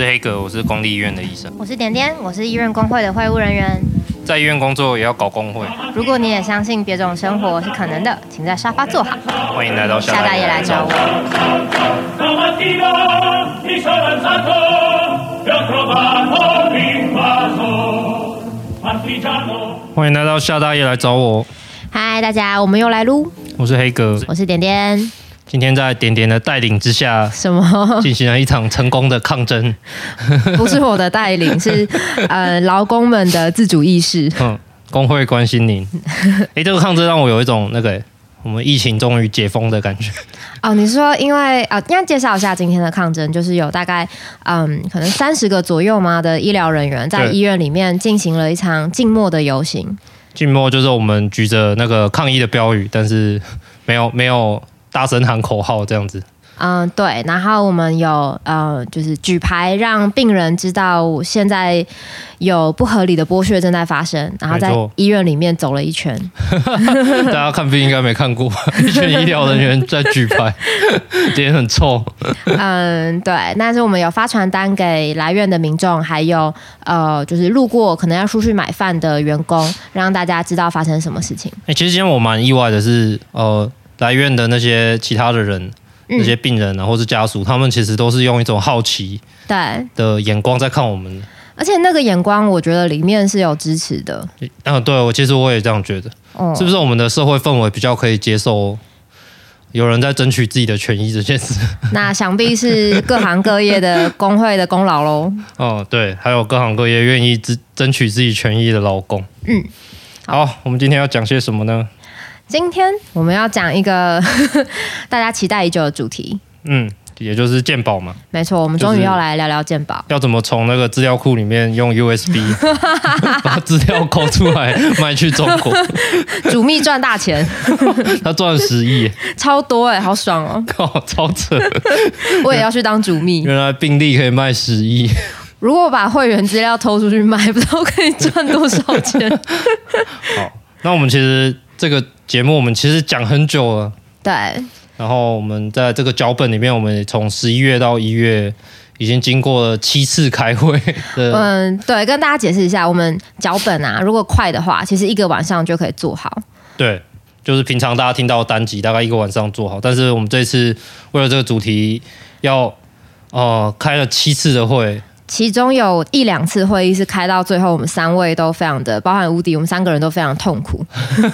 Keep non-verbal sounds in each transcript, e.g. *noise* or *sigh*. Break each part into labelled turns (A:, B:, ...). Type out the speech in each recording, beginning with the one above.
A: 我是黑格，我是公立醫院的醫生。我是
B: 點點，我是醫院工會的會務人員。
A: 在醫院工作也要搞工會。
B: 如果你也相信別種生活是可能的，請在沙發坐好。歡
A: 迎來到下大夜來找我。歡迎來到下大夜來找我。
B: 嗨，大家，我們又來囉。
A: 我是黑格，
B: 我是點點。
A: 今天在點點的帶領之下，什麼進行了一場成功的抗爭？不是我
B: 的帶領，是呃， *laughs* 勞工們的自主意識。
A: 嗯，工會關心您。誒，這個抗爭讓我有一種那個我們疫情終於解封的感覺。
B: 哦，你是說因為啊、哦，應該介紹一下今天的抗爭，就是有大概嗯，可能三十個左右嗎？的醫療人員在醫院裡面進行了一場靜默的遊行。
A: 靜默就是我們舉着那個抗議的標語，但是沒有沒有大聲喊口號這樣子，
B: 嗯，對。然後我們有呃，就是舉牌讓病人知道現在有不合理的剝削正在發生，然後在醫院裡面走了一圈。
A: *laughs* 大家看病應該沒看過吧， *laughs* 一群醫療人員在舉牌，臉 *laughs* 很臭。嗯，
B: 對。但是我們有發傳單給來院的民眾，還有呃，就是路過可能要出去買飯的員工，讓大家知道發生什麼事情。哎、欸，
A: 其實今天我蠻意外的是，呃。來院的那些其他的人，嗯、那些病人、啊，然後是家屬，他們其實都是用一種好奇對的眼光在看我們的，
B: 而且那個眼光，我覺得裡面是有支持的。
A: 嗯，對，我其實我也這樣覺得、哦。是不是我們的社會氛圍比較可以接受有人在爭取自己的權益這件事？
B: 那想必是各行各業的工會的功勞嘍。
A: 哦、嗯，對，還有各行各業願意爭爭取自己權益的勞工。嗯，好，好，我們今天要講些什麼呢？
B: 今天我們要講一個大家期待已久的主題，
A: 嗯，也就是健保嘛。
B: 沒錯，我們終於要來聊聊健保，就是，
A: 要怎麼從那個資料庫裡面用 USB
B: *laughs* 把
A: 資料摳出來賣去中國，
B: *laughs* 主秘賺大錢，
A: 他賺十億耶，
B: 超多哎，好爽哦！
A: 靠，哦，超扯，
B: *laughs* 我也要去當主秘。原
A: 來病歷可以賣十億，
B: *laughs* 如果把會員資料偷出去賣，不知道可以賺多少錢。
A: *laughs* 好，那我們其實。這個節目我們其實講很久了，
B: 對。
A: 然後我們在這個腳本裡面，我們也從十一月到一月已經經過了七次開會。嗯，
B: 對，跟大家解釋一下，我們腳本啊，如果快的話，其實一個晚上就可以做好。
A: 對，就是平常大家聽到的單集大概一個晚上做好，但是我們這次為了這個主題要，要呃開了七次的會。
B: 其中有一兩次會議是開到最後，我們三位都非常的，包含屋笛，我們三個人都非常痛苦， *laughs*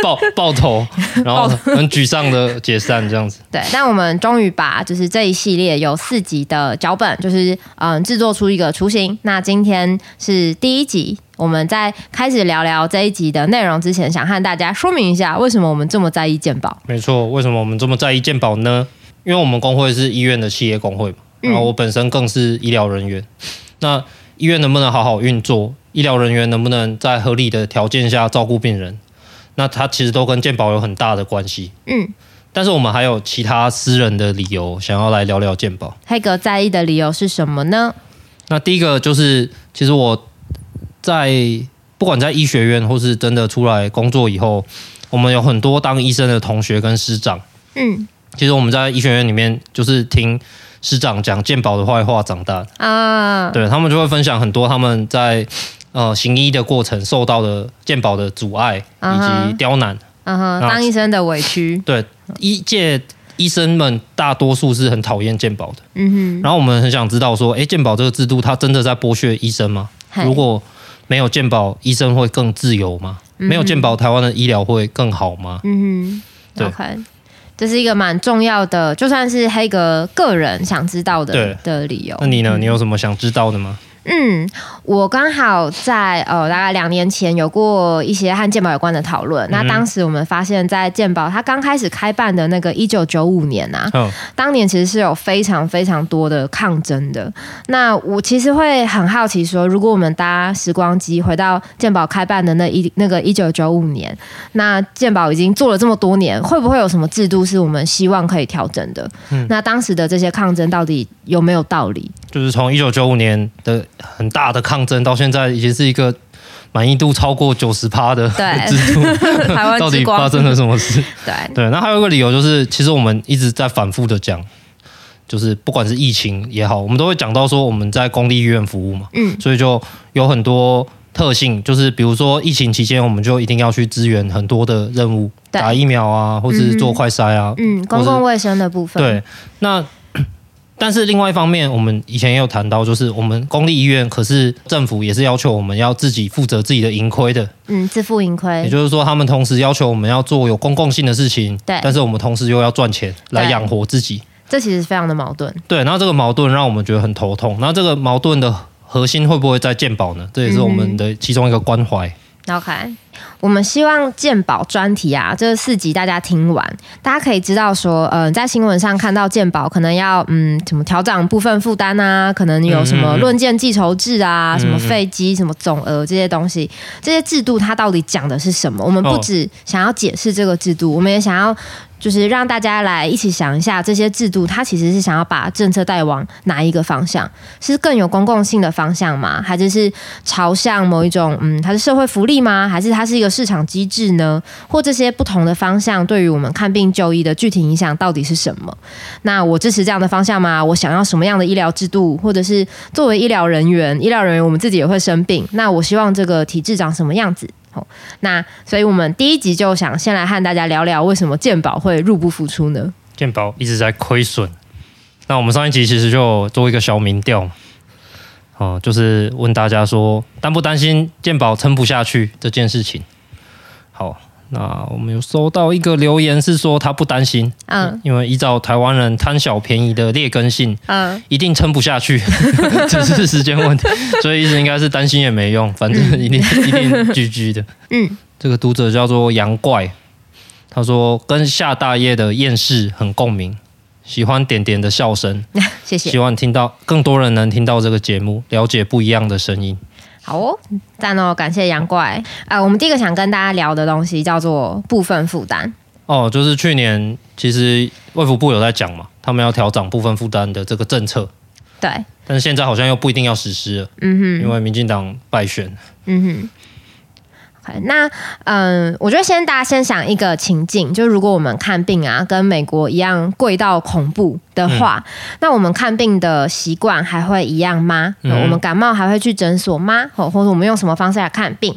B: *laughs*
A: 爆爆頭，然後很沮喪的解散這樣子。
B: 對，但我們終於把就是這一系列有四集的腳本，就是嗯製作出一個雛形。那今天是第一集，我們在開始聊聊這一集的內容之前，想和大家說明一下為什麼我們這麼在意健保。
A: 沒錯，為什麼我們這麼在意健保呢？因為我們工會是醫院的企業工會然後我本身更是醫療人員，嗯，那醫院能不能好好運作，醫療人員能不能在合理的條件下照顧病人，那他其實都跟健保有很大的關係。嗯，但是我們還有其他私人的理由想要來聊聊健保。
B: 黑格在意的理由是什麼呢？
A: 那第一個就是，其實我在不管在醫學院或是真的出來工作以後，我們有很多當醫生的同學跟師長。嗯，其實我們在醫學院裡面就是聽。師長講健保的壞話長大
B: 啊，對，
A: 他們就會分享很多他們在呃行醫的過程受到的健保的阻礙以及刁難、
B: 啊啊，當醫生的委屈。
A: 對，醫界醫生們大多數是很討厭健保的、嗯。然後我們很想知道說，哎、欸，健保這個制度它真的在剝削醫生嗎？如果沒有健保，醫生會更自由嗎？嗯、沒有健保，台灣的醫療會更好嗎？嗯
B: 哼，對。嗯這是一個蠻重要的，就算是黑格個人想知道的的理由。那你呢？嗯。你有
A: 什麼想知道的嗎？
B: 嗯，我剛好在呃、哦，大概兩年前有過一些和健保有關的討論、嗯。那當時我們發現在健保，在健保它剛開始開辦的那個一九九五年啊、哦，當年其實是有非常非常多的抗爭的。那我其實會很好奇說，說如果我們搭時光機回到健保開辦的那一那個一九九五年，那健保已經做了這麼多年，會不會有什麼制度是我們希望可以調整的、嗯？那當時的這些抗爭到底有沒有道理？
A: 就是從一九九五年的很大的抗爭到現在，已經是一個滿意度超過九十趴的制
B: 度 *laughs* 到底發生了什麼事？
A: 對,對那還有一個理由就是，其實我們一直在反覆的講，就是不管是疫情也好，我們都會講到說我們在公立醫院服務嘛。嗯。所以就有很多特性，就是比如說疫情期間，我們就一定要去支援很多的任務，打疫苗啊，或者是做快篩啊。嗯，嗯公共
B: 衛生的部分。對，那。
A: 但是另外一方面，我們以前也有談到，就是我們公立醫院可是政府也是要求我們要自己負責自己的盈虧的，
B: 嗯，自負盈虧，也就
A: 是說他們同時要求我們要做有公共性的事情，對，但是我們同時又要賺錢來養活自己，
B: 這其實非常的矛盾，
A: 對，然後這個矛盾讓我們覺得很頭痛。那這個矛盾的核心會不會在健保呢？這也是我們的其中一個關懷。
B: 那、嗯嗯、k、Okay. 我們希望健保專題啊，這四集大家聽完，大家可以知道說，嗯、呃，在新聞上看到健保，可能要嗯怎麼調整部分負擔啊，可能有什麼論件計酬制啊，什麼費基，什麼總額，這些東西，這些制度它到底講的是什麼？我們不止想要解釋這個制度，我們也想要。就是讓大家來一起想一下，這些制度它其實是想要把政策帶往哪一個方向？是更有公共性的方向嗎？還是是朝向某一種嗯，它是社會福利嗎？還是它是一個市場機制呢？或這些不同的方向對於我們看病就醫的具體影響到底是什麼？那我支持這樣的方向嗎？我想要什麼樣的醫療制度？或者是作為醫療人員，醫療人員我們自己也會生病，那我希望這個體制長什麼樣子？好，那所以，我們第一集就想先來和大家聊聊，為什麼健保會入不敷出呢？
A: 健保一直在虧損。那我們上一集其實就做一個小民調，哦，就是問大家說，擔不擔心健保撐不下去這件事情？好。那我們有收到一個留言，是說他不擔心啊，uh. 因為依照台灣人貪小便宜的劣根性，嗯、uh.，一定撐不下去， *laughs* 只是時間問題。所以意思應該是擔心也沒用，反正一定、嗯、一定 GG 的。嗯，這個讀者叫做楊怪，他說跟夏大業的厭世很共鳴，喜歡點點的笑聲，謝謝。希望聽到更多人能聽到這個節目，了解不一樣的聲音。
B: 好哦，讚哦！感謝楊怪啊、呃。我們第一個想跟大家聊的東西叫做部分負擔
A: 哦，就是去年其實衛福部有在講嘛，他們要調漲部分負擔的這個政策。對，但是現在好像又不一定要實施了，嗯哼，因為民進黨敗選，嗯哼。
B: 那嗯，我覺得先大家先想一個情境，就如果我們看病啊跟美國一樣貴到恐怖的話、嗯，那我們看病的習慣還會一樣嗎、嗯？我們感冒還會去診所嗎？哦，或者我們用什麼方式來看病？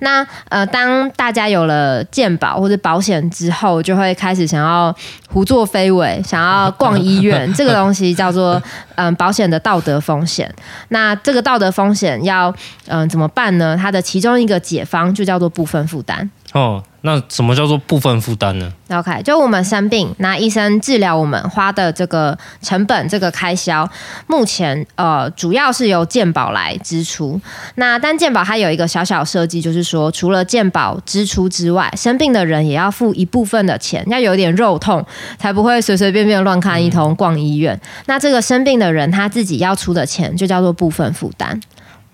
B: 那呃，當大家有了健保或者保險之後，就會開始想要胡作非為，想要逛醫院。 *laughs* 這個東西叫做嗯、呃、保險的道德風險。那這個道德風險要嗯、呃、怎麼辦呢？它的其中一個解方就叫做部分負擔。
A: 哦。那什麼叫做部分負擔呢
B: ？OK，就我們生病，那醫生治療我們花的這個成本、這個開銷，目前呃主要是由健保來支出。那單健保它有一個小小設計，就是說除了健保支出之外，生病的人也要付一部分的錢，要有點肉痛，才不會隨隨便便亂看一通、逛醫院、嗯。那這個生病的人他自己要出的錢，就叫做部分負擔。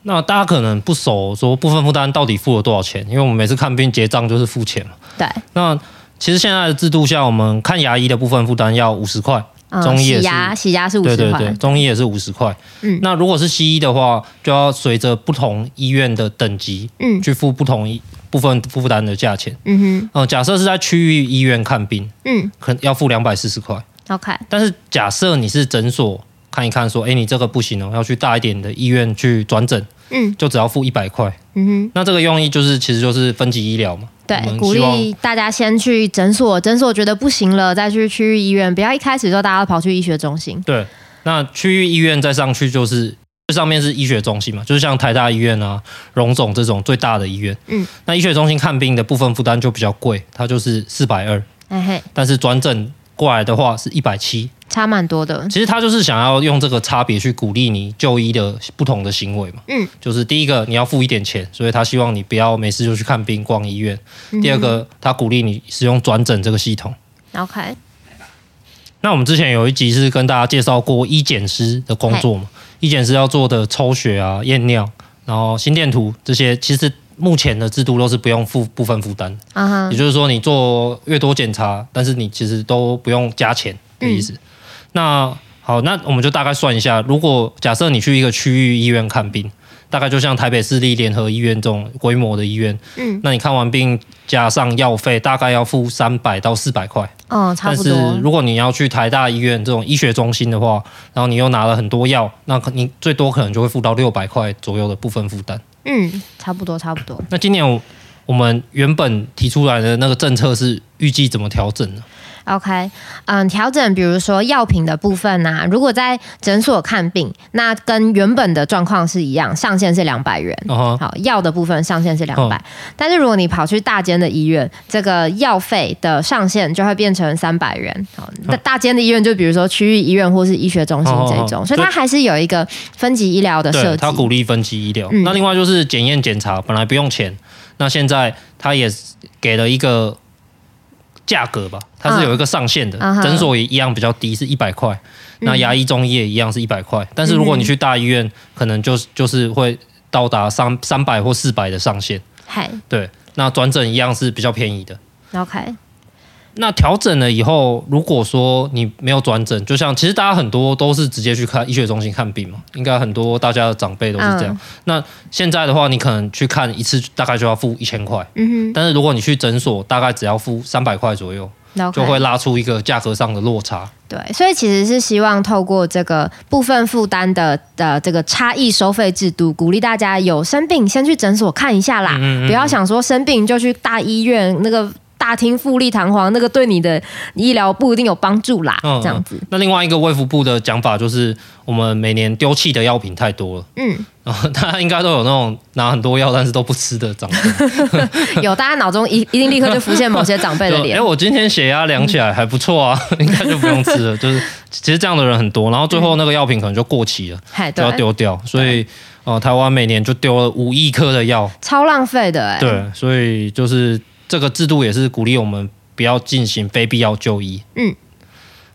A: 那大家可能不熟，說部分負擔到底付了多少錢？因為我們每次看病結賬就是付錢嘛。對。那其實現在的制度下，我們看牙醫的部分負擔要五十塊，嗯，中醫也是，洗牙
B: 洗牙是五十塊，對對對，
A: 中醫也是五十塊。嗯。那如果是西醫的話，就要隨着不同醫院的等級，嗯，去付不同部分負擔的價錢。嗯哼。哦、呃，假設是在區域醫院看病，嗯，可能要付兩百四十塊。
B: OK。但是
A: 假設你是診所看一看，說，哎，你這個不行哦，要去大一點的醫院去轉診。嗯，就只要付一百塊。嗯
B: 哼，
A: 那這個用意就是，其實就是分級醫療嘛。
B: 對，鼓勵大家先去診所，診所覺得不行了再去區域醫院，不要一開始就大家跑去醫學中心。
A: 對，那區域醫院再上去就是，這上面是醫學中心嘛，就是像台大醫院啊、榮總這種最大的醫院。嗯，那醫學中心看病的部分負擔就比較貴，它就是四百二。
B: 哎嘿，
A: 但是轉診過來的話是一百七。
B: 差蠻多的，其實他就是
A: 想要用這個差別去鼓勵你就醫的不同的行為嘛。嗯，就是第一個你要付一點錢，所以他希望你不要沒事就去看病逛醫院。嗯、第二個，他鼓勵你使用轉診這個系統。OK，那我們之前有一集是跟大家介紹過醫檢師的工作嘛，醫檢師要做的抽血啊、驗尿，然後心電圖這些，其實目前的制度都是不用付部分負擔。啊、uh、哈 -huh，也就是說你做越多檢查，但是你其實都不用加錢的、嗯、這個、意思。那好，那我們就大概算一下，如果假設你去一個區域醫院看病，大概就像台北市立聯合醫院這種規模的醫院，嗯，那你看完病加上藥費，大概要付三百到四百塊，
B: 嗯，差不多。但是
A: 如果你要去台大醫院這種醫學中心的話，然後你又拿了很多藥，那可你最多可能就會付到六百塊左右的部分負擔，嗯，
B: 差不多差不多。
A: 那今年我。我們原本提出來的那個政策是預計怎麼調整呢？
B: 啊、OK，嗯，調整，比如說藥品的部分呢、啊，如果在診所看病，那跟原本的狀況是一樣，上限是兩百元。Uh -huh. 好，藥的部分上限是兩百，uh -huh. 但是如果你跑去大間的醫院，uh -huh. 這個藥費的上限就會變成三百元。好，那大間的醫院就比如說區域醫院或是醫學中心這種，uh -huh. 所以它還是有一個分級醫療的設計。對，它鼓
A: 勵分級醫療、嗯。那另外就是檢驗檢查，本來不用錢。那現在它也給了一個價格吧，哦、它是有一個上限的、嗯。診所也一樣比較低，是一百塊、
B: 嗯。那牙醫、
A: 中醫也一樣是一百塊，但是如果你去大醫院，嗯、可能就是就是會到達三三百或四百的上限。對，那轉診一樣是比較便宜的。Okay。那調整了以後，如果說你沒有轉診，就像其實大家很多都是直接去看醫學中心看病嘛，應該很多大家的長輩都是這樣。嗯、那現在的話，你可能去看一次大概就要付一千塊，嗯哼。但是如果你去診所，大概只要付三百塊左右、okay，就會拉出一個價格上的落差。
B: 對，所以其實是希望透過這個部分負擔的的這個差異收費制度，鼓勵大家有生病先去診所看一下啦，嗯嗯嗯，不要想說生病就去大醫院那個。大廳富麗堂皇，那個對你的醫療不一定有幫助啦。嗯，這樣子。嗯、
A: 那另外一個衛福部的講法就是，我們每年丟棄的藥品太多了。嗯，然後大家應該都有那種拿很多藥但是都不吃的長
B: 輩。 *laughs* 有，大家腦中一一定立刻就浮現某些長輩的臉。
A: 哎、呃，我今天血壓量起來還不錯啊，嗯、應該就不用吃了。就是其實這樣的人很多，然後最後那個藥品可能就過期了，嗯、
B: 就要丟
A: 掉。所以哦、呃，台灣每年就丟了五億顆的藥，
B: 超浪費的哎、欸。對，
A: 所以就是。這個制度也是鼓勵我們不要進行非必要就醫。
B: 嗯，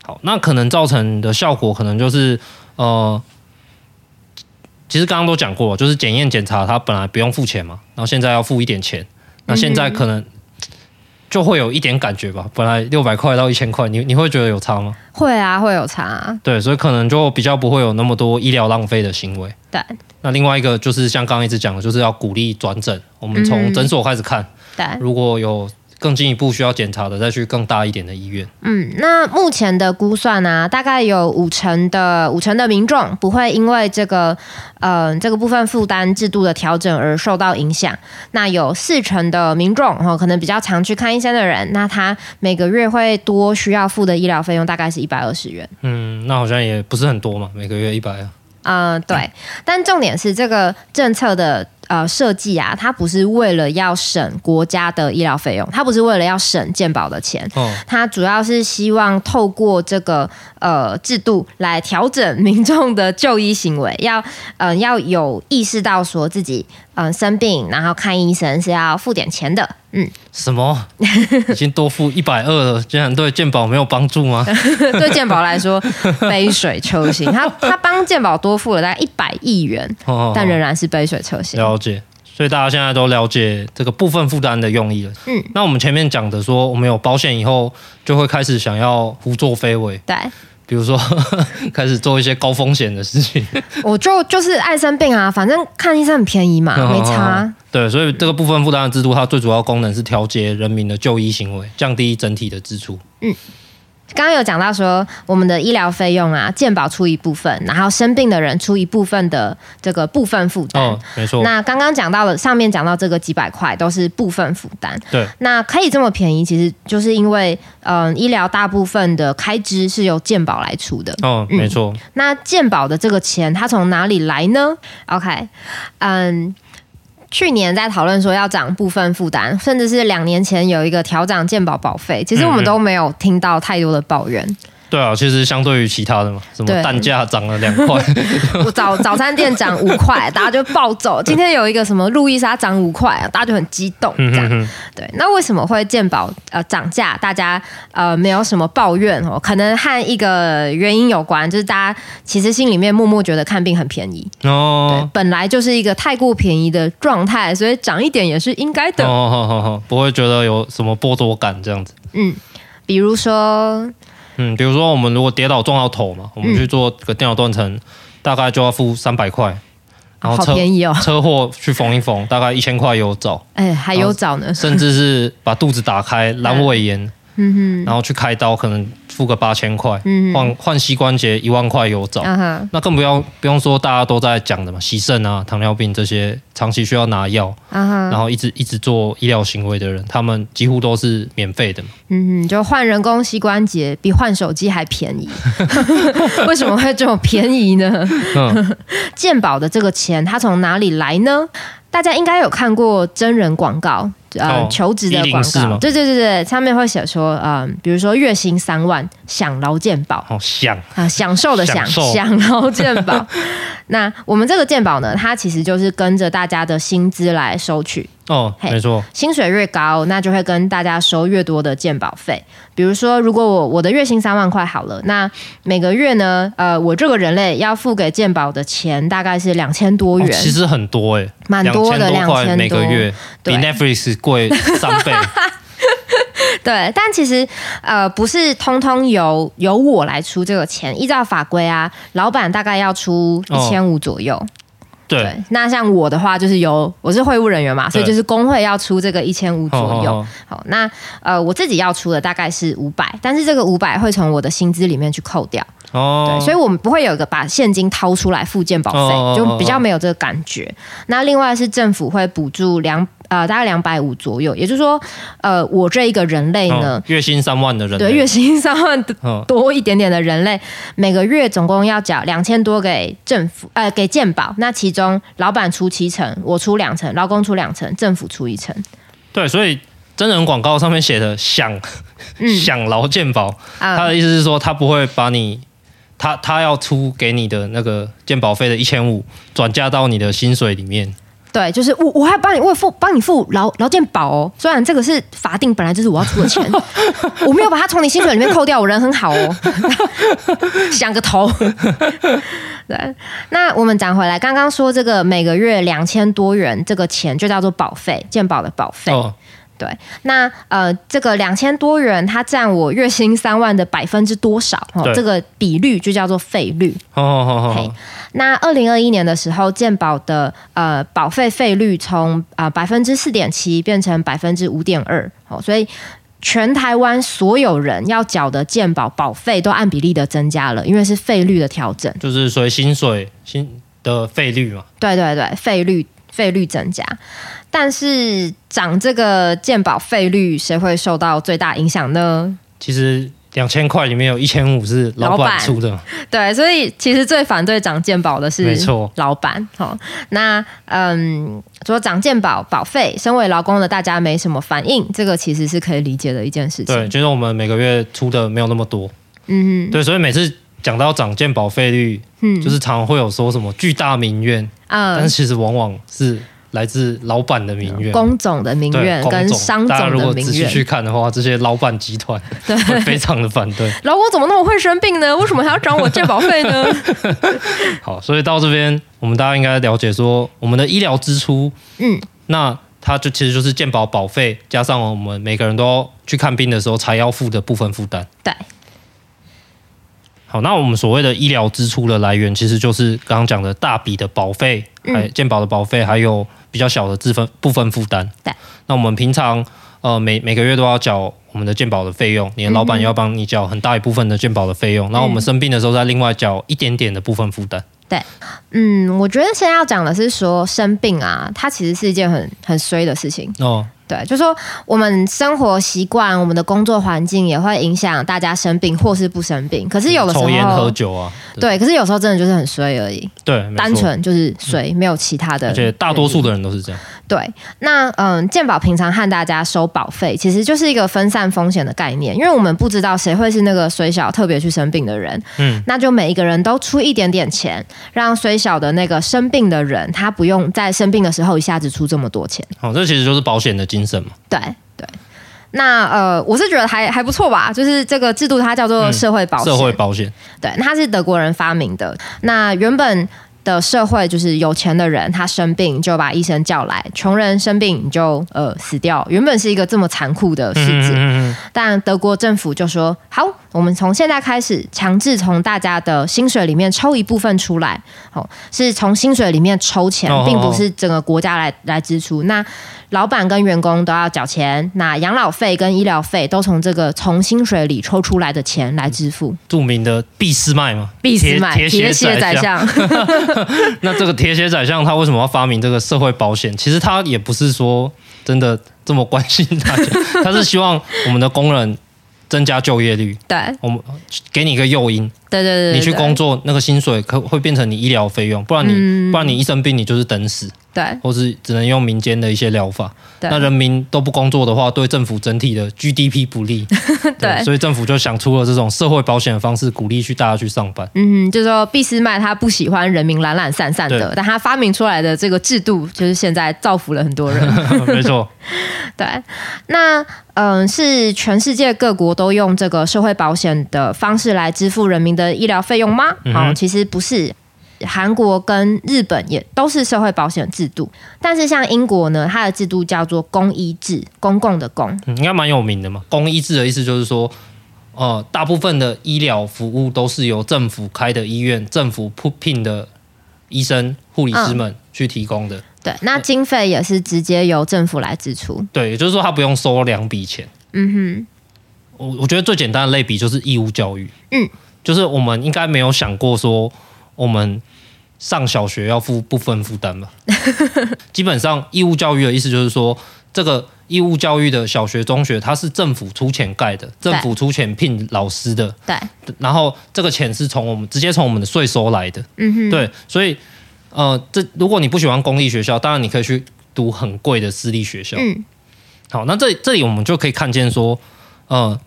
A: 好，那可能造成的效果可能就是呃，其實剛剛都講過，就是檢驗檢查他本來不用付錢嘛，然後現在要付一點錢，那現在可能就會有一點感覺吧。嗯、本來六百塊到一千塊，你你會覺得有差嗎？
B: 會啊，會有差啊。
A: 對，所以可能就比較不會有那麼多醫療浪費的行為。對。那另外一個就是像剛剛一直講的，就是要鼓勵轉診。我們從診所開始看。嗯對，如果有更進一步需要檢查的，再去更大一點的醫院。
B: 嗯，那目前的估算呢，啊？大概有五成的五成的民眾不會因為這個呃這個部分負擔制度的調整而受到影響。那有四成的民眾，哦，可能比較常去看醫生的人，那他每個月會多需要付的醫療費用大概是一百二十元。
A: 嗯，那好像也不是很多嘛，每個月一百啊。嗯，
B: 對，嗯，但重點是這個政策的。呃，設計啊，它不是為了要省國家的醫療費用，它不是為了要省健保的錢，它主要是希望透過這個呃制度來調整民眾的就醫行為，要嗯、呃、要有意識到說自己嗯、呃、生病然後看醫生是要付點錢的，
A: 嗯，什麼
B: 已
A: 經多付一百二了，竟然對健保沒有幫助嗎？
B: *laughs* 對健保來說 *laughs* 杯水車薪，他他幫健保多付了大概一百億元，但仍然是杯水車薪。哦哦哦 *laughs*
A: 了解，所以大家現在都了解這個部分負擔的用意了。嗯，那我們前面講的說，我們有保險以後，就會開始想要胡作非為，對，比如說呵呵開始做一些高風險的事情。
B: 我就就是愛生病啊，反正看醫生很便宜嘛呵呵呵，沒差。
A: 對，所以這個部分負擔的制度，它最主要功能是調節人民的就醫行為，降低整體的支出。嗯。
B: 剛剛有講到說，我們的醫療費用啊，健保出一部分，然後生病的人出一部分的這個部分負擔。哦，沒錯。那剛剛講到了上面講到這個幾百塊都是部分負擔。對。那可以這麼便宜，其實就是因為，嗯，呃，醫療大部分的開支是由健保來出的。哦，沒錯。嗯。那健保的這個錢，它從哪裡來呢？OK，嗯。去年在討論說要漲部分負擔，甚至是兩年前有一個調漲健保保費，其實我們都沒有聽到太多的抱怨。嗯嗯。
A: 對啊，其實相對於其他的嘛，什麼蛋價漲了兩塊，
B: *laughs* 我早早餐店漲五塊， *laughs* 大家就暴走。今天有一個什麼路易莎漲五塊，大家就很激動，這樣，嗯哼哼。對，那為什麼會健保呃漲價？大家呃沒有什麼抱怨哦，可能和一個原因有關，就是大家其實心裡面默默覺得看病很便宜哦，對，本來就是一個太過便宜的狀態，所以漲一點也是應該的。哦哦
A: 哦哦哦，不會覺得有什麼剝奪感這樣子。嗯，
B: 比如說。
A: 嗯，比如說我們如果跌倒撞到頭嘛，我們去做個電腦斷層，嗯、大概就要付三百塊、嗯。然後車、好便宜哦、車禍去縫一縫，大概一千塊有找。
B: 哎，還有找呢，甚至是
A: 把肚子打開闌、嗯、尾炎，嗯
B: 哼，然
A: 後去開刀可能付個八千塊，換換膝關節一萬塊有找，嗯。那更不用不用說大家都在講的嘛，洗腎啊、糖尿病這些長期需要拿藥、嗯，然後一直一直做醫療行為的人，他們幾乎都是免費的。
B: 嗯，就換人工膝關節比換手機還便宜， *laughs* 為什麼會這麼便宜呢？ *laughs* 健保的這個錢它從哪裡來呢？大家應該有看過真人廣告。呃，哦、求職的廣告，對對對對，上面會寫說，嗯、呃，比如說月薪三萬，享勞健保，享、哦、啊、呃，享受的享，享勞健保。 *laughs* 那我們這個健保呢，它其實就是跟着大家的薪資來收取。哦，沒錯，hey, 薪水越高，那就會跟大家收越多的健保費。比如說，如果我我的月薪三萬塊好了，那每個月呢，呃，我這個人類要付給健保的錢大概是兩千多元，哦。其實
A: 很多哎、欸，蠻多的，兩千多元每個月，對。比 Netflix 貴三倍。
B: *laughs* 對，但其實呃，不是通通由由我來出這個錢，依照法規啊，老板大概要出一千五左右。哦對，那像我的話，就是由我是會務人員嘛，所以就是工會要出這個一千五左右哦哦哦。好，那呃我自己要出的大概是五百，但是這個五百會從我的薪資裡面去扣掉哦哦。對，所以我們不會有一個把現金掏出來付健保費，哦哦哦哦，就比較沒有這個感覺。哦哦哦，那另外是政府會補助兩百。啊、呃，大概兩百五左右，也就是說，呃，我這一個人類呢，哦、
A: 月薪三萬的人，對，月
B: 薪三萬多一點點的人類，哦、每個月總共要繳兩千多給政府，呃，給健保。那其中，老板出七成，我出兩成，勞工出兩成，政府出一成。
A: 對，所以真人廣告上面寫的“想想勞健保”，他、嗯、的意思是說，他不會把你他他要出給你的那個健保費的一千五轉嫁到你的薪水裡面。
B: 對，就是我，我還幫你為付幫你付勞勞健保哦。雖然這個是法定，本來就是我要出的錢， *laughs* 我沒有把它從你薪水裡面扣掉。我人很好哦， *laughs* 想個頭 *laughs* 對。那我們講回來，剛剛說這個每個月兩千多元，這個錢就叫做保費，健保的保費。哦。對，那呃，這個兩千多元，它占我月薪三萬的百分之多少？哦，這個比率就叫做費率。哦哦哦。那二零二一年的時候，健保的呃保費費率從啊百分之四點七變成百分之五點二。哦，所以全台灣所有人要繳的健保保費都按比例的增加了，因為是費率的調整。
A: 就是所以薪水薪的費率嘛？
B: 對對對，費率費率增加。但是漲這個健保費率，誰會受到最大影響呢？
A: 其實兩千塊裡面有一千五是老闆出的。老
B: 闆，對，所以其實最反對漲健保的是老闆。哈、哦，那嗯，說漲健保保費，身為勞工的大家沒什麼反應，這個其實是可以理解的一件事情。對，就是
A: 我們每個月出的沒有那麼多，嗯
B: 哼，對，
A: 所以每次講到漲健保費率，嗯，就是常常會有說什麼巨大民怨啊、嗯，但是其實往往是。來自老闆的民怨、工總
B: 的民怨跟商總的民怨。大家如果仔細去
A: 看的話，這些老闆集團會非常的反對。 *laughs*
B: 老公怎麼那麼會生病呢？為 *laughs* 什麼還要找我健保費呢？
A: *laughs* 好，所以到這邊，我們大家應該了解說，我們的醫療支出，嗯，那它就其實就是健保保費加上我們每個人都去看病的時候才要付的部分負擔。對。好，那我們所謂的醫療支出的來源，其實就是剛剛講的大筆的保費，嗯、還健保的保費，還有比較小的分部分負擔。對，那我們平常呃每每個月都要繳我們的健保的費用，你的老板也要幫你繳很大一部分的健保的費用。嗯、那我們生病的時候，再另外繳一點點的部分負擔。
B: 對，嗯，我覺得現在要講的是說生病啊，它其實是一件很很衰的事情哦。對，就說我們生活習慣、我們的工作環境也會影響大家生病或是不生病。可是有的時候，就是、抽烟喝
A: 酒啊對，
B: 對，可是有時候真的就是很衰而已。
A: 對，單純就
B: 是衰，嗯、沒有其他的。而且大多數的人都是這樣。對，那嗯，健保平常和大家收保費，其實就是一個分散風險的概念，因為我們不知道誰會是那個衰小特別去生病的人，嗯，那就每一個人都出一點點錢，讓衰小的那個生病的人，他不用在生病的時候一下子出這麼多錢。
A: 哦，這其實就是保險的精神嘛。
B: 對對，那呃，我是覺得還還不錯吧，就是這個制度它叫做社會保險、嗯，社會保險，對，它是德國人發明的，那原本的社會就是有錢的人，他生病就把醫生叫來；窮人生病你就呃死掉。原本是一個這麼殘酷的事件、嗯嗯，但德國政府就說：“好，我們從現在開始強制從大家的薪水裡面抽一部分出來，好、哦，是從薪水裡面抽錢，並不是整個國家來哦哦來支出。那”那老闆跟員工都要繳錢，那養老費跟醫療費都從這個從薪水裡抽出來的錢來支付。著名的
A: 俾斯麥嘛？俾斯麥鐵血宰相，鐵血宰相 *laughs* 那這個鐵血宰相他為什麼要發明這個社會保險？其實他也不是說真的這麼關心大家，他是希望我們的工人增加就業率。對，我們給你一個誘因。
B: 對對對，對，你去工作，
A: 那個薪水可會變成你醫療費用，不然你、嗯、不然你一生病，你就是等死，對，或是只能用民間的一些療法對。那人民都不工作的話，對政府整體的 GDP 不利，對，對所以政府就想出了這種社會保險的方式，鼓勵去大家去上班。嗯，
B: 就是說，俾斯麥他不喜歡人民懶懶散散的，但他發明出來的這個制度，就是現在造福了很多人， *laughs* 沒錯。對，那嗯，是全世界各國都用這個社會保險的方式來支付人民的。的醫療費用嗎？哦、嗯，其實不是。韓國跟日本也都是社會保險制度，但是像英國呢，它的制度叫做公醫制，公共的公
A: 應該蠻有名的嘛。公醫制的意思就是說，呃，大部分的醫療服務都是由政府開的醫院、政府僱聘的醫生、護理師們去提供的。嗯、
B: 對，那經費也是直接由政府來支出。
A: 對，也就是說他不用收兩筆錢。嗯
B: 哼，
A: 我我覺得最簡單的類比就是義務教育。嗯。就是我們應該沒有想過說，我們上小學要付部分負擔吧？基本上義務教育的意思就是說，這個義務教育的小學、中學，它是政府出錢蓋的，政府出錢聘老師的，對。然後這個錢是從我們直接從我們的稅收來的，嗯對，所以呃，這如果你不喜歡公立學校，當然你可以去讀很貴的私立學校。嗯。好，那這裡這裡我們就可以看見說，呃，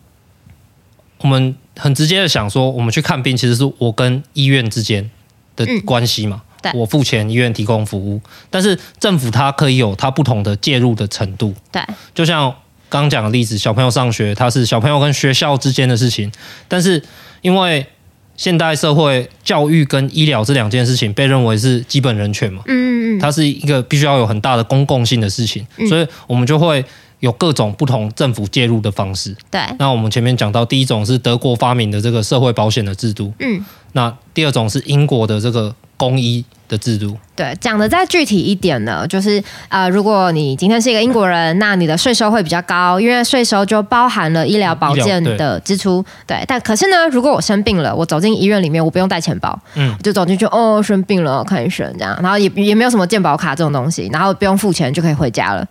A: 我們。很直接的想說，我們去看病，其實是我跟醫院之間的關係嘛。我付錢，醫院提供服務。但是政府它可以有它不同的介入的程度。對，就像剛剛講的例子，小朋友上學，它是小朋友跟學校之間的事情。但是因為現代社會教育跟醫療這兩件事情被認為是基本人權嘛，嗯嗯，它是一個必須要有很大的公共性的事情，所以我們就會。有各種不同政府介入的方式。對，那我們前面講到，第一種是德國發明的這個社會保險的制度。嗯，那第二種是英國的這個公醫的制度。
B: 對，講的再具體一點呢，就是啊、呃，如果你今天是一個英國人，嗯、那你的稅收會比較高，因為稅收就包含了醫療保健的支出、嗯對。對，但可是呢，如果我生病了，我走進醫院裡面，我不用帶錢包，嗯，就走進去，哦，生病了，看醫生這樣，然後也也沒有什麼健保卡這種東西，然後不用付錢就可以回家了。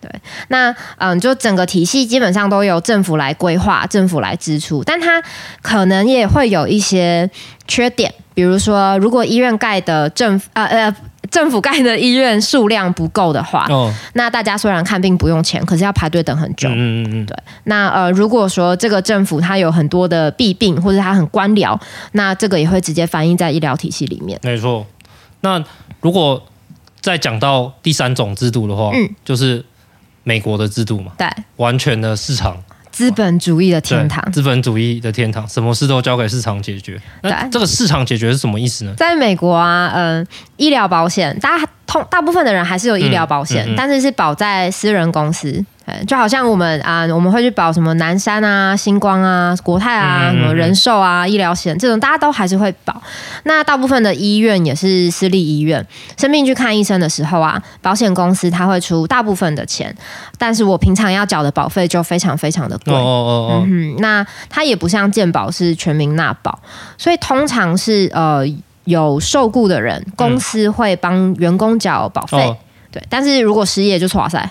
B: 對，那嗯，就整個體系基本上都由政府來規劃、政府來支出，但它可能也會有一些缺點，比如說，如果醫院蓋的政呃呃政府蓋的醫院數量不夠的話，哦，那大家雖然看病不用錢，可是要排隊等很久。嗯嗯嗯，對。那呃，如果說這個政府它有很多的弊病，或者它很官僚，那這個也會直接反映在醫療體系裡面。
A: 沒錯。那如果再講到第三種制度的話，嗯，就是。美國的制度嘛，對，完全的市場，
B: 資本主義的天堂，
A: 資本主義的天堂，什麼事都交給市場解決。對，那這個市場解決是什麼意思呢？
B: 在美國啊，嗯、呃，醫療保險，大家通大部分的人還是有醫療保險、嗯嗯嗯，但是是保在私人公司。就好像我們啊，我們會去保什麼南山啊、星光啊、國泰啊、什麼人壽啊、嗯嗯醫療險這種，大家都還是會保。那大部分的醫院也是私立醫院，生病去看醫生的時候啊，保險公司它會出大部分的錢，但是我平常要繳的保費就非常非常的貴。哦哦哦哦嗯哼，那它也不像健保是全民納保，所以通常是呃有受僱的人，公司會幫員工繳保費。嗯、對，但是如果失業就哇塞。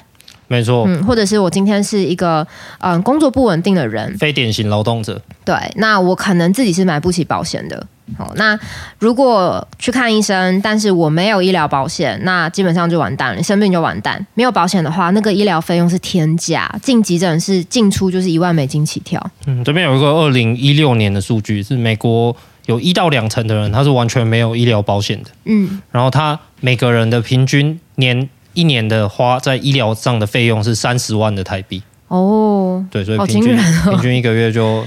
A: 沒錯，嗯，或
B: 者是我今天是一個，嗯，工作不穩定的人，
A: 非典型勞動者。
B: 對，那我可能自己是買不起保險的。好，那如果去看醫生，但是我沒有醫療保險，那基本上就完蛋了，生病就完蛋。沒有保險的話，那個醫療費用是天價，進急診室進出就是一萬美金起跳。嗯，這
A: 邊有一個二零一六年的數據，是美國有一到兩成的人他是完全沒有醫療保險的。嗯，然後他每個人的平均年。一年的花在醫療上的費用是三十萬的台幣。哦，對，所以平均、哦、平均一個月就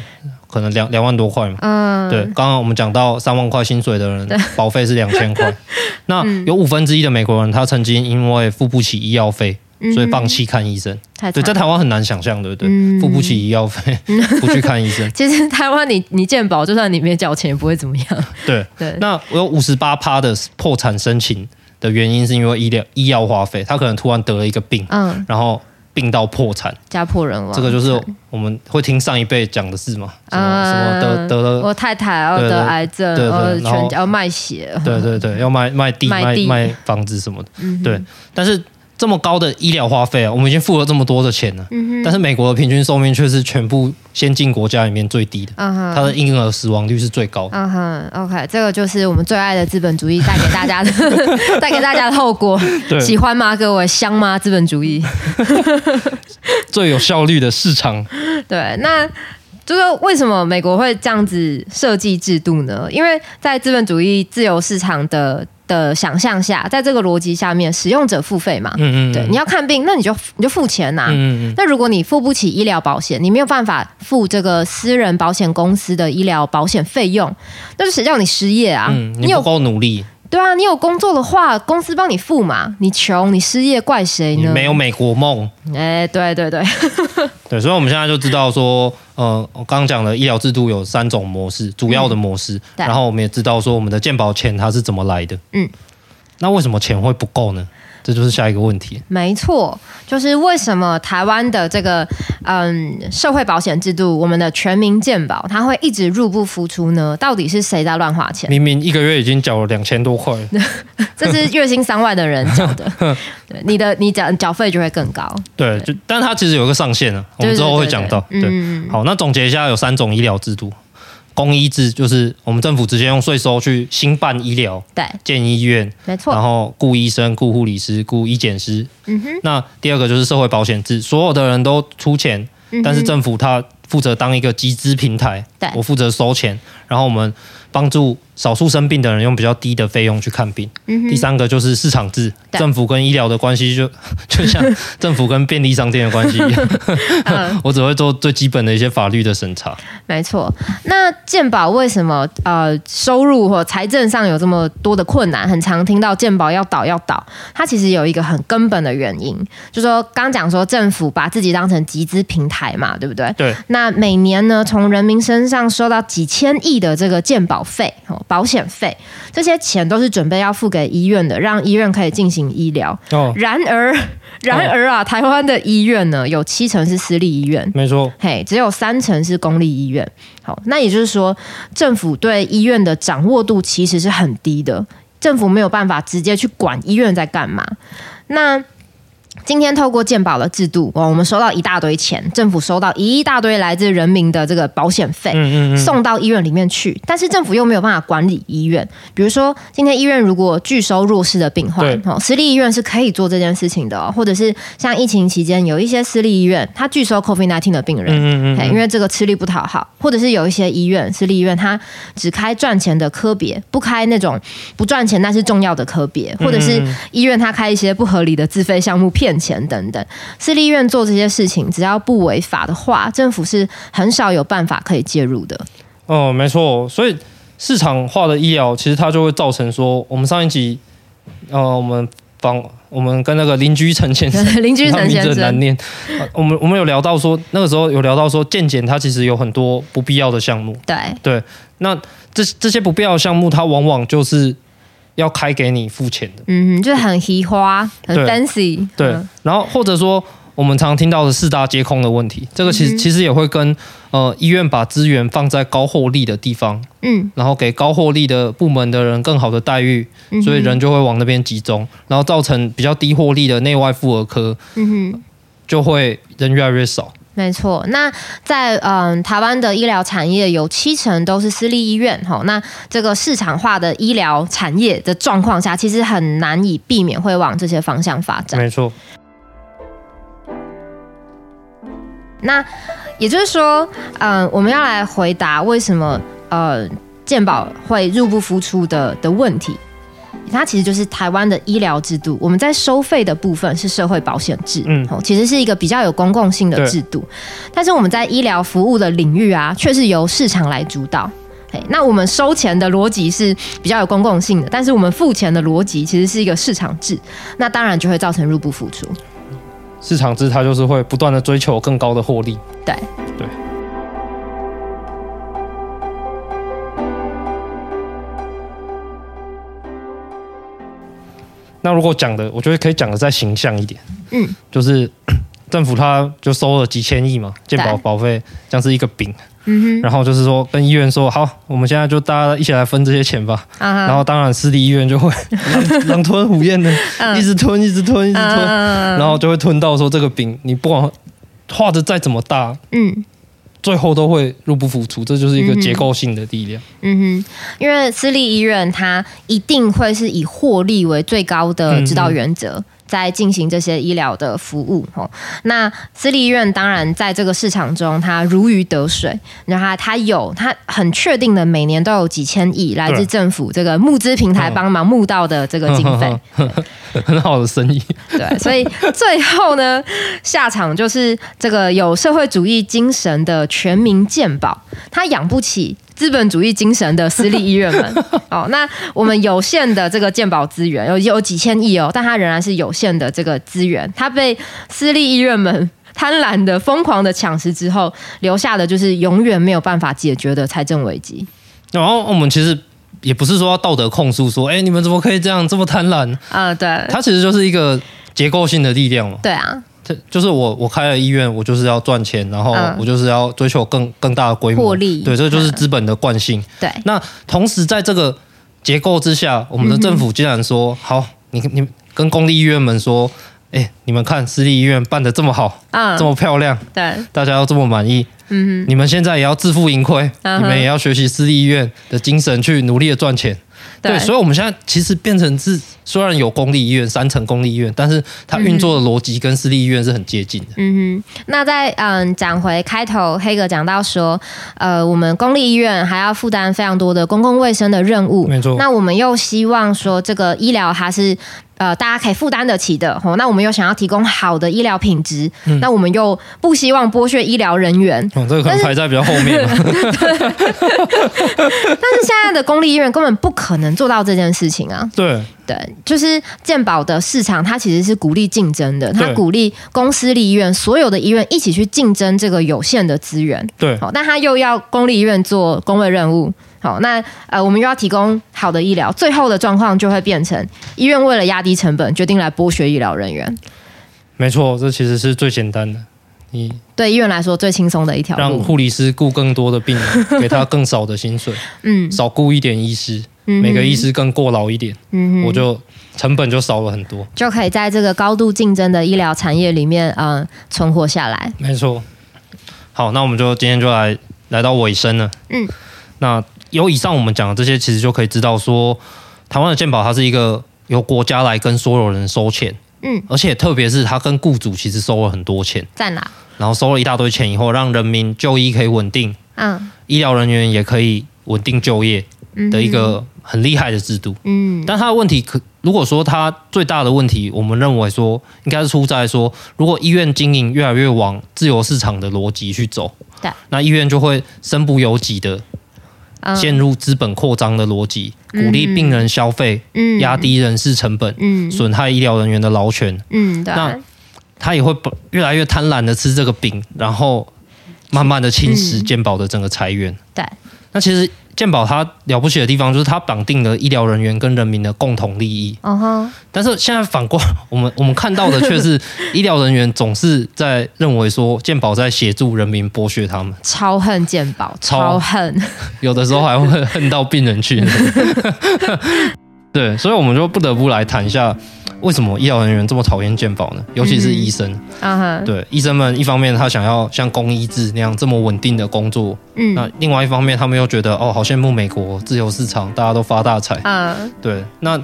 A: 可能兩兩萬多塊嘛。嗯，對。剛剛我們講到三萬塊薪水的人，保費是兩千塊。 *laughs* 那、嗯、有五分之一的美國人，他曾經因為付不起醫藥費，所以放棄看醫生、嗯嗯。對，在台灣很難想象，對不對？嗯、付不起醫藥費， *laughs* 不去看醫生。其
B: 實台灣你你健保，就算你沒交錢，也不會怎麼樣。對
A: 對。那有五十八趴的破產申請。的原因是因為醫療醫藥花費，他可能突然得了一個病、嗯，然後病到破產，
B: 家破人亡。這個就是
A: 我們會聽上一輩講的事嘛，
B: 嗯、什麼什麼得得了我太太要得癌症，對對對，對對對，然後全家要賣血，對
A: 對對，要賣賣地賣地賣，賣房子什麼的，嗯、對，但是，這麼高的醫療花費啊，我們已經付了這麼多的錢了、嗯，但是美國的平均壽命卻是全部先進國家裡面最低
B: 的，uh -huh. 它的嬰
A: 兒死亡率是最高的。
B: 嗯、uh、哼，OK，這個就是我們最愛的資本主義帶給大家的， *laughs* *laughs* 帶給大家的後果。喜歡嗎各位？香嗎？資本主義 *laughs*
A: *laughs* 最有效率的市場。
B: *laughs* 對，那就是為什麼美國會這樣子設計制度呢？因為在資本主義自由市場的。的想象下，在這個邏輯下面，使用者付費嘛，嗯嗯，嗯，對，你要看病，那你就你就付錢吶、啊，嗯嗯嗯，那如果你付不起醫療保險，你沒有辦法付這個私人保險公司的醫療保險費用，那就誰叫你失業啊？嗯、你不夠努力。對啊，你有工作的話，公司幫你付嘛。你窮，你失業，怪誰呢？嗯，沒有
A: 美國夢。哎，
B: 嗯，欸，對對對
A: *laughs* 對，所以我們現在就知道說，呃，我剛剛講的醫療制度有三種模式，主要的模式。嗯，然後我們也知道說，我們的健保錢它是怎麼來的。嗯，那為什麼錢會不夠呢？這就是下一個問題。
B: 沒錯，就是為什麼台灣的這個嗯，社會保險制度，我們的全民健保，它會一直入不敷出呢？到底是誰在亂花錢？明
A: 明一個月已經繳了兩千多塊，
B: 這是月薪三萬的人繳的， *laughs* 對，你的你繳繳費就會更高，對，
A: 對，就，但它其實有一個上限啊，我們之後會講到。就是、對，對，對，對，好，那總結一下，有三種醫療制度。公醫制就是我們政府直接用稅收去興辦醫療，對，建醫院，沒錯，然後僱醫生、僱護理師、僱醫檢師。嗯
B: 哼。那
A: 第二個就是社會保險制，所有的人都出錢，嗯、
B: 但是政府
A: 他負責當一個集資平台，嗯、我負責收錢。然後我們幫助少數生病的人用比較低的費用去看病。嗯，第三個就是市場制，政府跟醫療的關係就就像政府跟便利商店的關係一樣。 *laughs* *laughs* 我只會做最基本的一些法律的審查。
B: 沒錯。那健保為什麼呃收入或財政上有這麼多的困難？很常聽到健保要倒要倒，它其實有一個很根本的原因，就是說剛講說政府把自己當成集資平台嘛，對不對？對。那每年呢從人民身上收到幾千億。的這個健保費、保險費，這些錢都是準備要付給醫院的，讓醫院可以進行醫療。哦，然而，然而啊，哦，台灣的醫院呢，有七成是私立醫院，沒錯，嘿，只有三成是公立醫院。好，那也就是說，政府對醫院的掌握度其實是很低的，政府沒有辦法直接去管醫院在幹嘛。那今天透過健保的制度，我們收到一大堆錢，政府收到一大堆來自人民的這個保險費，送到醫院裡面去。但是政府又沒有辦法管理醫院，比如說今天醫院如果拒收弱勢的病患，哦，私立醫院是可以做這件事情的，哦，或者是像疫情期間有一些私立醫院，他拒收 COVID-19 的病人，嗯嗯，嗯，因為這個吃力不討好，或者是有一些醫院私立醫院他只開賺錢的科別，不開那種不賺錢但是重要的科別，或者是醫院他開一些不合理的自費項目。騙錢等等，私立醫院做這些事情，只要不違法的話，政府是很少有辦法可以介入的。
A: 哦、呃，沒錯，所以市場化的醫療其實它就會造成說，我們上一集，呃，我們訪我們跟那個鄰居陳先生，鄰 *laughs* 居陳先生難念， *laughs* 啊、我們我們有聊到說，那個時候有聊到說，健檢它其實有很多不必要的項目。對對，那這這些不必要的項目，它往往就是。要開給你付錢的，
B: 嗯哼，就是很奇花，很 fancy，對，
A: 對。然後或者說，我們常聽到的四大皆空的問題，這個其實、嗯、其實也會跟呃醫院把資源放在高獲利的地方，嗯，然後給高獲利的部門的人更好的待遇，嗯、所以人就會往那邊集中，然後造成比較低獲利的內外婦兒科，嗯哼，就會人越來越少。
B: 沒錯，那在嗯、呃、台灣的醫療產業有七成都是私立醫院，哈，那這個市場化的醫療產業的狀況下，其實很難以避免會往這些方向發展。沒錯，那也就是說，嗯、呃，我們要來回答為什麼呃健保會入不敷出的的問題。它其實就是台灣的醫療制度。我們在收費的部分是社會保險制，嗯，其實是一個比較有公共性的制度。但是我們在醫療服務的領域啊，卻是由市場來主導。哎，那我們收錢的邏輯是比較有公共性的，但是我們付錢的邏輯其實是一個市場制。那當然就會造成入不敷出。
A: 市場制它就是會不斷的追求更高的獲利。對。那如果講的，我覺得可以講的再形象一點。嗯，就是政府他就收了幾千億嘛，健保保費像是一個餅。嗯
B: 哼，然
A: 後就是說跟醫院說，好，我們現在就大家一起來分這些錢吧。嗯，然後當然私立醫院就會狼 *laughs* 吞虎嚥的，嗯，一直吞，一直吞，一直吞，嗯嗯，然後就會吞到說這個餅，你不管畫的再怎麼大，嗯。最後都會入不敷出，這就是一個結構性的力量。
B: 嗯哼，嗯哼，因為私立醫院它一定會是以獲利為最高的指導原則。嗯在進行這些醫療的服務，哦，那私立醫院當然在這個市場中，它如魚得水。然後它，它有，它很確定的，每年都有幾千億來自政府這個募資平台幫忙募到的這個經費，很、嗯嗯
A: 嗯嗯嗯嗯，好，好，好，好的生意。對，
B: 所以最後呢， *laughs* 下場就是這個有社會主義精神的全民健保，它養不起。資本主義精神的私立醫院們， *laughs* 哦，那我們有限的這個健保資源有有幾千億哦，但它仍然是有限的這個資源，它被私立醫院們貪婪的、瘋狂的搶食之後，留下的就是永遠沒有辦法解決的財政危機。
A: 然、哦、後我們其實也不是說道德控訴，說，哎、欸，你們怎麼可以這樣這麼貪婪？
B: 啊、嗯，對，它
A: 其實就是一個結構性的力量嘛。對啊。這就是我，我開了醫院，我就是要賺錢，然後我就是要追求更更大的規模獲利，對，這就是資本的慣性。對，那同時在這個結構之下，我們的政府竟然說：“嗯、好，你你跟公立醫院們說，哎、欸，你們看私立醫院辦的這麼好、嗯、這麼漂亮，對，大家都這麼滿意，嗯，你們現在也要自負盈虧、嗯，你們也要學習私立醫院的精神，去努力的賺錢。”對，對，所以我們現在其實變成是，雖然有公立醫院、三層公立醫院，但是它運作的邏輯跟私立醫院是很接近的。
B: 嗯哼，那在嗯講回開頭，嗯、黑格講到說，呃，我們公立醫院還要負擔非常多的公共衛生的任務，沒錯。那我們又希望說，這個醫療它是。呃，大家可以負擔得起的，齁，那我們又想要提供好的醫療品質，嗯，那我們又不希望剝削醫療人員，嗯，這個可能排
A: 在比較後面。但是，
B: *laughs* 對 *laughs* 但是現在的公立醫院根本不可能做到這件事情啊。對，對，就是健保的市場，它其實是鼓勵競爭的，它鼓勵公私立醫院所有的醫院一起去競爭這個有限的資源。對，好，但他又要公立醫院做公衛任務。好，那呃，我們又要提供好的醫療，最後的狀況就會變成醫院為了壓低成本，決定來剝削醫療人員。
A: 沒錯，這其實是最簡單的。你
B: 對醫院來說最輕鬆的一條路，讓護
A: 理師僱更多的病人，給他更少的薪水。 *laughs* 嗯，少僱一點醫師，
B: 每個醫師
A: 更過勞一點，嗯，我就成本就少了很多，
B: 就可以在這個高度競爭的醫療產業裡面嗯、呃，存活下來。沒
A: 錯。好，那我們就今天就來來到尾聲了。嗯。那有以上我們講的這些，其實就可以知道說，台灣的健保它是一個由國家來跟所有人收錢，嗯，而且特別是它跟雇主其實收了很多錢，
B: 在哪？然
A: 後收了一大堆錢以後，讓人民就醫可以穩定，嗯，醫療人員也可以穩定就業的一個很厲害的制度，嗯。但它的問題可如果說它最大的問題，我們認為說應該是出在說，如果醫院經營越來越往自由市場的邏輯去走，對，那醫院就會身不由己的。Oh. 陷入資本擴張的邏輯，鼓勵病人消費，壓、mm -hmm. 低人事成本，損、mm -hmm. 害醫療人員的勞權。Mm -hmm. 那他也會越來越貪婪的吃這個餅，然後慢慢的侵蝕、mm -hmm. 健保的整個財源。對、mm -hmm.，那其實。健保它了不起的地方，就是它綁定了醫療人員跟人民的共同利益。Uh -huh. 但是現在反過，我們我們看到的却是，醫療人員總是在認為說，健保在協助人民剝削他們。
B: 超恨健保超恨，超
A: 恨！有的時候還會恨到病人去。 *laughs* 對，所以我們就不得不來談一下，為什麼醫療人員這麼討厭健保呢？尤其是醫生。啊、嗯、哈，對，醫生們一方面他想要像公醫制那樣這麼穩定的工作，嗯，那另外一方面他們又覺得哦，好羨慕美國自由市場，大家都發大財。啊、嗯，對，那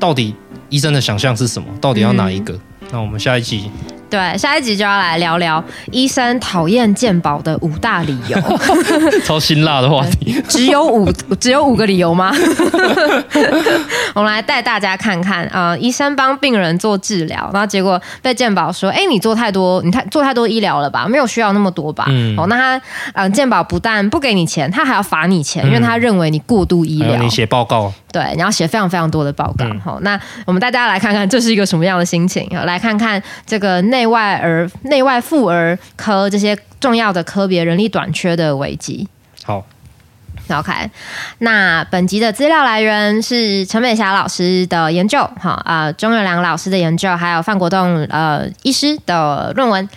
A: 到底醫生的想象是什麼？到底要哪一個？嗯、那我們下一集。
B: 對，下一集就要來聊聊醫生討厭健保的五大理由，
A: *laughs* 超辛辣的話題。只有五，
B: 只有五個理由嗎？ *laughs* 我們來帶大家看看啊、呃，醫生幫病人做治療，然後結果被健保說：“哎、欸，你做太多，你太做太多醫療了吧？沒有需要那麼多吧？”嗯、哦，那他呃，健保不但不給你錢，他還要罰你錢、嗯，因為他認為你過度醫療、嗯。你寫報告。對，你要寫非常非常多的報告。哈、嗯哦，那我們帶大家來看看這是一個什麼樣的心情啊、哦？來看看這個內。內外兒內外婦兒科這些重要的科別人力短缺的危機。
A: 好
B: ，OK，那本集的資料來源是陳美霞老師的研究，哈、呃、啊，鍾有良老師的研究，還有范國棟呃醫師的論文。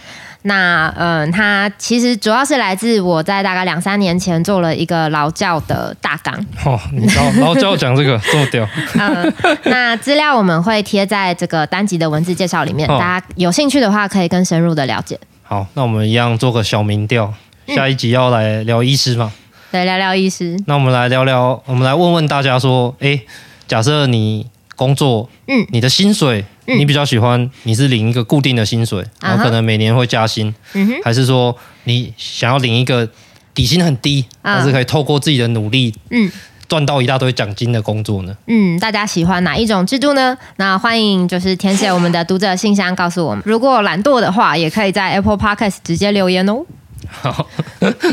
B: 那嗯、呃，它其實主要是來自我在大概兩三年前做了一個勞教的大綱。
A: 哦，你知道勞教講這個做掉。嗯、 *laughs* 呃，
B: 那資料我們會貼在這個單集的文字介紹裡面，哦，大家有興趣的話可以更深入的了解。
A: 好，那我們一樣做個小民調，下一集要來聊醫師嘛，嗯？
B: 對，聊聊醫師。
A: 那我們來聊聊，我們來問問大家說，誒、欸，假設你。工作，嗯，你的薪水，嗯、你比較喜歡？你是領一個固定的薪水、啊，然後可能每年會加薪，嗯哼，還是說你想要領一個底薪很低，但、啊、是可以透過自己的努力，嗯，賺到一大堆獎金的工作呢？嗯，
B: 大家喜歡哪一種制度呢？那歡迎就是填寫我們的讀者信箱告訴我們。如果懶惰的話，也可以在 Apple Podcast 直接留言哦。好，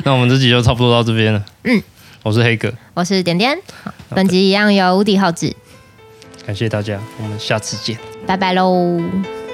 A: 那我們這集就差不多到這邊了。嗯，我是黑格，
B: 我是點點，本集一樣由屋笛後製。
A: 感謝大家，我們下次見，
B: 拜拜嘍。